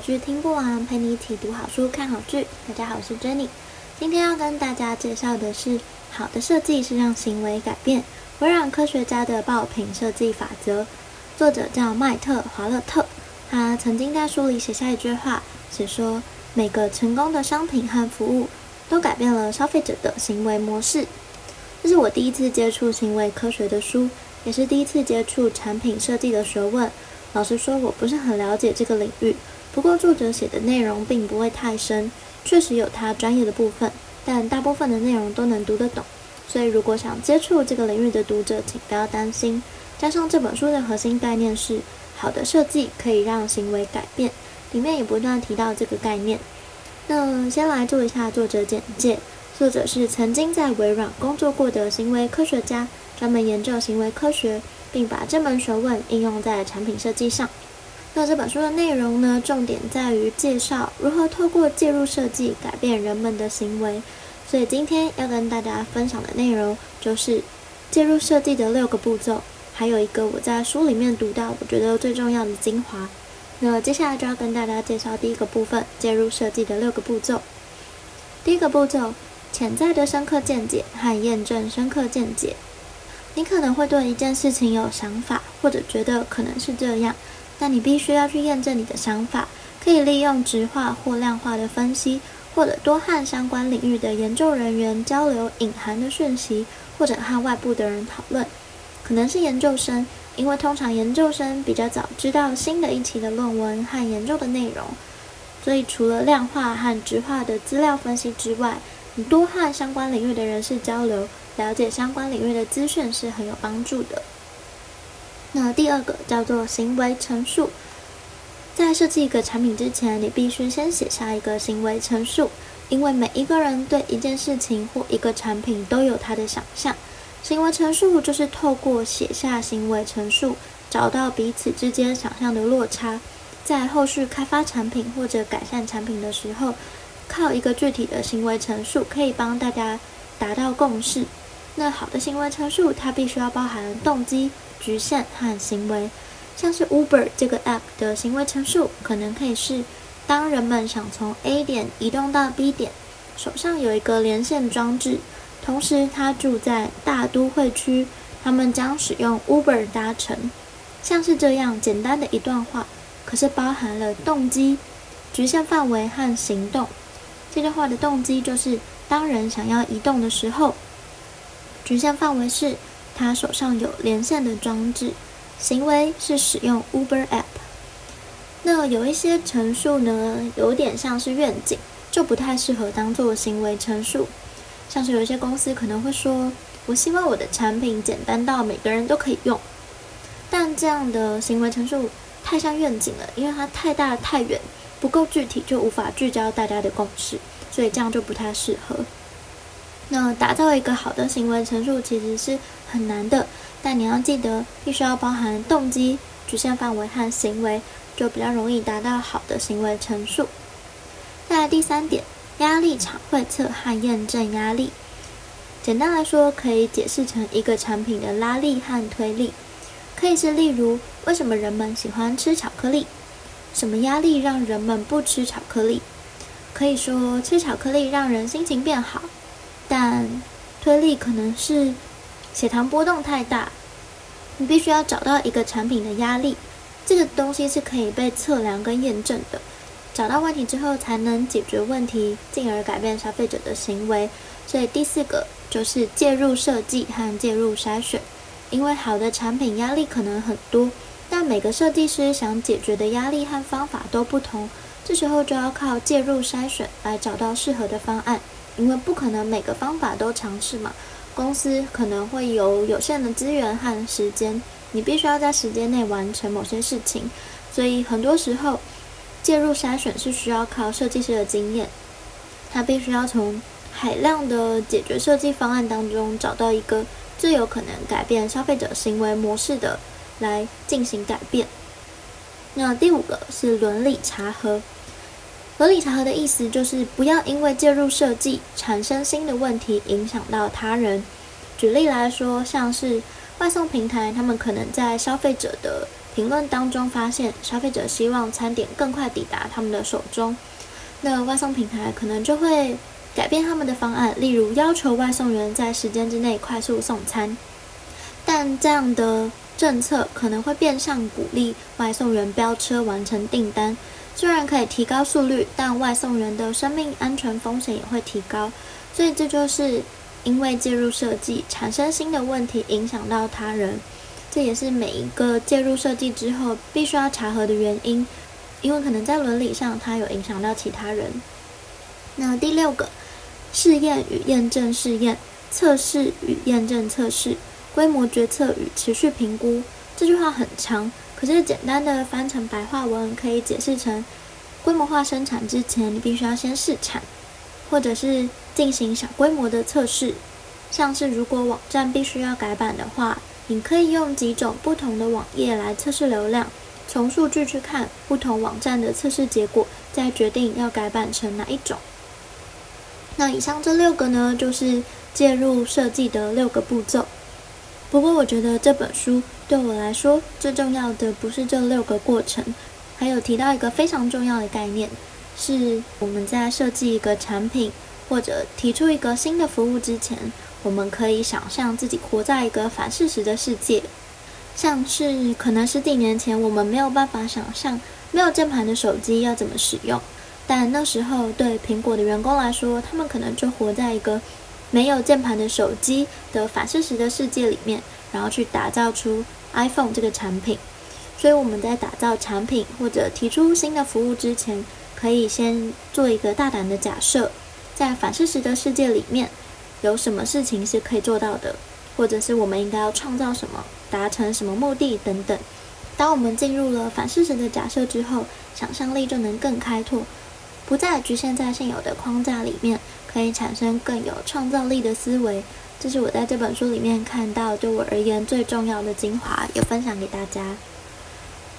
劇聽不完，陪你一起讀好書、看好劇。大家好，我是 Jenny，今天要跟大家介紹的是《好的設計是讓行為改變：微軟科學家的爆品設計法則》，作者叫麥特·華勒特。他曾經在書裡寫下一句話，寫說，每個成功的商品和服務都改變了消費者的行為模式。這是我第一次接觸行為科學的書，也是第一次接觸產品設計的學問。老實說，我不是很了解這個領域。不過作者寫的內容並不會太深，確實有他專業的部分，但大部分的內容都能讀得懂。所以如果想接觸這個領域的讀者，請不要擔心。加上這本書的核心概念是好的設計可以讓行為改變，裡面也不斷提到這個概念。那先來做一下作者簡介。作者是曾經在微軟工作過的行為科學家，專門研究行為科學。並把這門學問應用在產品設計上。那這本書的內容呢，重點在於介紹如何透過介入設計改變人們的行為。所以今天要跟大家分享的內容就是介入設計的六個步驟，還有一個我在書裡面讀到我覺得最重要的精華。那接下來就要跟大家介紹第一個部分：介入設計的六個步驟。第一個步驟，潛在的深刻見解和驗證深刻見解。你可能會對一件事情有想法，或者覺得可能是這樣，但你必須要去驗證你的想法。可以利用質化或量化的分析，或者多和相關領域的研究人員交流隱含的訊息，或者和外部的人討論。可能是研究生，因為通常研究生比較早知道新的一期的論文和研究的內容，所以除了量化和質化的資料分析之外，你多和相關領域的人士交流。了解相關領域的資訊是很有幫助的。那第二個叫做行為陳述，在設計一個產品之前，你必須先寫下一個行為陳述，因為每一個人對一件事情或一個產品都有他的想象。行為陳述就是透過寫下行為陳述，找到彼此之間想象的落差，在後續開發產品或者改善產品的時候，靠一個具體的行為陳述，可以幫大家達到共識。那好的行為陳述，它必須要包含了動機、局限和行為。像是 Uber 這個 app 的行為陳述，可能可以是：當人們想從 A 點移動到 B 點，手上有一個連線裝置，同時他住在大都會區，他們將使用 Uber 搭乘。像是這樣簡單的一段話，可是包含了動機、局限範圍和行動。這段話的動機就是當人想要移動的時候。局限範圍是，他手上有連線的裝置，行為是使用 Uber app。那有一些陳述呢，有點像是願景，就不太適合當做行為陳述。像是有一些公司可能會說：“我希望我的產品簡單到每個人都可以用。”但這樣的行為陳述太像願景了，因為它太大太遠，不夠具體，就無法聚焦大家的共識，所以這樣就不太適合。那打造一個好的行為陳述其實是很難的，但你要記得必須要包含動機、局限範圍和行為，就比較容易達到好的行為陳述。再來第三點，壓力場繪測和驗證壓力，簡單來說可以解釋成一個產品的拉力和推力，可以是例如為什麼人們喜歡吃巧克力，什麼壓力讓人們不吃巧克力，可以說吃巧克力讓人心情變好。但推力可能是血糖波動太大，你必須要找到一個產品的壓力，這個東西是可以被測量跟驗證的。找到問題之後，才能解決問題，進而改變消費者的行為。所以第四個就是介入設計和介入篩選，因為好的產品壓力可能很多，但每個設計師想解決的壓力和方法都不同，這時候就要靠介入篩選來找到適合的方案。因為不可能每個方法都嘗試嘛，公司可能會有有限的資源和時間，你必須要在時間內完成某些事情，所以很多時候介入篩選是需要靠設計師的經驗，他必須要從海量的解決設計方案當中找到一個最有可能改變消費者行為模式的來進行改變。那第五個是倫理查核。合理查核的意思就是不要因為介入設計產生新的問題，影響到他人。舉例來說，像是外送平台，他們可能在消費者的評論當中發現消費者希望餐點更快抵達他們的手中，那外送平台可能就會改變他們的方案，例如要求外送員在時間之內快速送餐。但這樣的政策可能會變相鼓勵外送員飆車完成訂單。雖然可以提高速率，但外送人的生命安全風險也會提高，所以這就是因為介入設計產生新的問題，影響到他人。這也是每一個介入設計之後必須要查核的原因，因為可能在倫理上它有影響到其他人。那第六個，試驗與驗證試驗，測試與驗證測試，規模決策與持續評估。這句話很長。可是簡單的翻成白話文，可以解釋成：規模化生產之前，你必須要先試產，或者是進行小規模的測試。像是如果網站必須要改版的話，你可以用幾種不同的網頁來測試流量，從數據去看不同網站的測試結果，再決定要改版成哪一種。那以上這六個呢，就是介入設計的六個步驟。不過我覺得這本書，對我來說，最重要的不是這六個過程，還有提到一個非常重要的概念，是我們在設計一個產品或者提出一個新的服務之前，我們可以想象自己活在一個反事實的世界，像是可能十幾年前我們沒有辦法想象沒有鍵盤的手機要怎麼使用，但那時候對蘋果的員工來說，他們可能就活在一個沒有鍵盤的手機的反事實的世界裡面，然後去打造出。iPhone 這個產品，所以我們在打造產品或者提出新的服務之前，可以先做一個大膽的假設，在反事實的世界裡面，有什麼事情是可以做到的，或者是我們應該要創造什麼，達成什麼目的等等。當我們進入了反事實的假設之後，想象力就能更開拓，不再局限在現有的框架裡面，可以產生更有創造力的思維。這是我在這本書裡面看到對我而言最重要的精華，也分享給大家。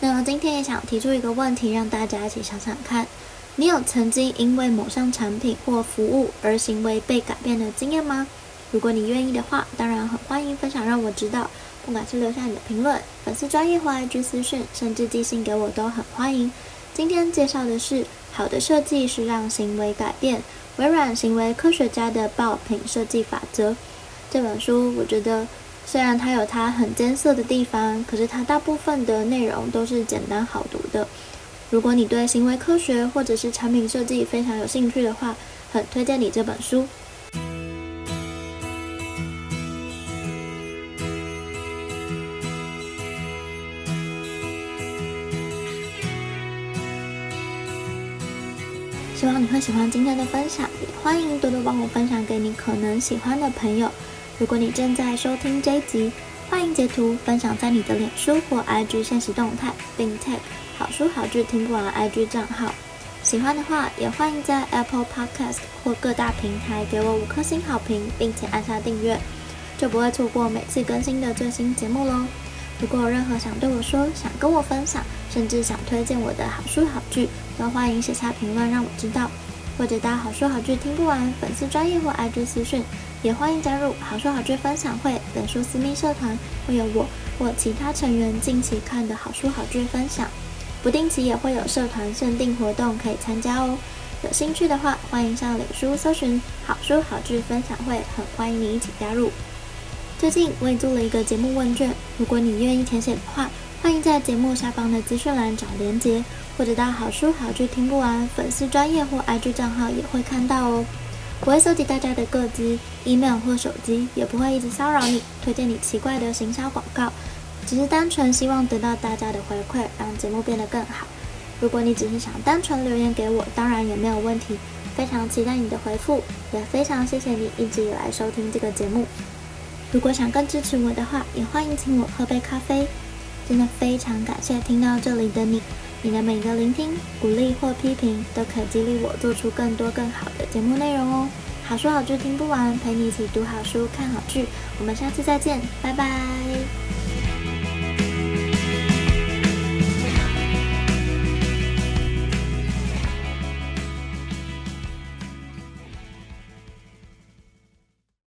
那我今天也想提出一個問題，讓大家一起想想看：你有曾經因為某項產品或服務而行為被改變的經驗嗎？如果你願意的話，當然很歡迎分享，讓我知道。不管是留下你的評論、粉絲專頁或 IG 私訊，甚至寄信給我都很歡迎。今天介紹的是《好的設計是讓行為改變》，微軟行為科學家的爆品設計法則。這本書我覺得，雖然它有它很艱澀的地方，可是它大部分的內容都是簡單好讀的。如果你對行為科學或者是產品設計非常有興趣的話，很推薦你這本書。希望你會喜歡今天的分享，也歡迎多多幫我分享給你可能喜歡的朋友。如果你正在收聽這一集，歡迎截圖分享在你的臉書或 IG 限時動態，並 tag 好書好劇聽不完的 IG 賬號。喜歡的話，也歡迎在 Apple Podcast 或各大平台給我五顆星好評，並且按下訂閱，就不會錯過每次更新的最新節目嘍。如果有任何想對我說、想跟我分享，甚至想推薦我的好書好劇，都歡迎寫下評論讓我知道。或者到好書好劇聽不完粉絲專頁或 IG 私訊，也歡迎加入好書好劇分享會本書私密社團，會有我或其他成員近期看的好書好劇分享，不定期也會有社團限定活動可以參加哦。有興趣的話，歡迎上臉書搜尋好書好劇分享會，很歡迎你一起加入。最近我也做了一個節目問卷，如果你願意填寫的話，歡迎在節目下方的資訊欄找連結，或者到好書好劇聽不完粉絲專頁或 IG 賬號也會看到哦。我會收集大家的個資、email 或手機，也不會一直騷擾你，推薦你奇怪的行銷廣告，只是單純希望得到大家的回饋，讓節目變得更好。如果你只是想單純留言給我，當然也沒有問題。非常期待你的回復，也非常謝謝你一直以來收聽這個節目。如果想更支持我的話，也歡迎請我喝杯咖啡。真的非常感謝聽到這裡的你，你的每一個聆聽、鼓勵或批評，都可激勵我做出更多更好的節目內容哦。好書好劇聽不完，陪你一起讀好書、看好劇，我們下次再見，拜拜。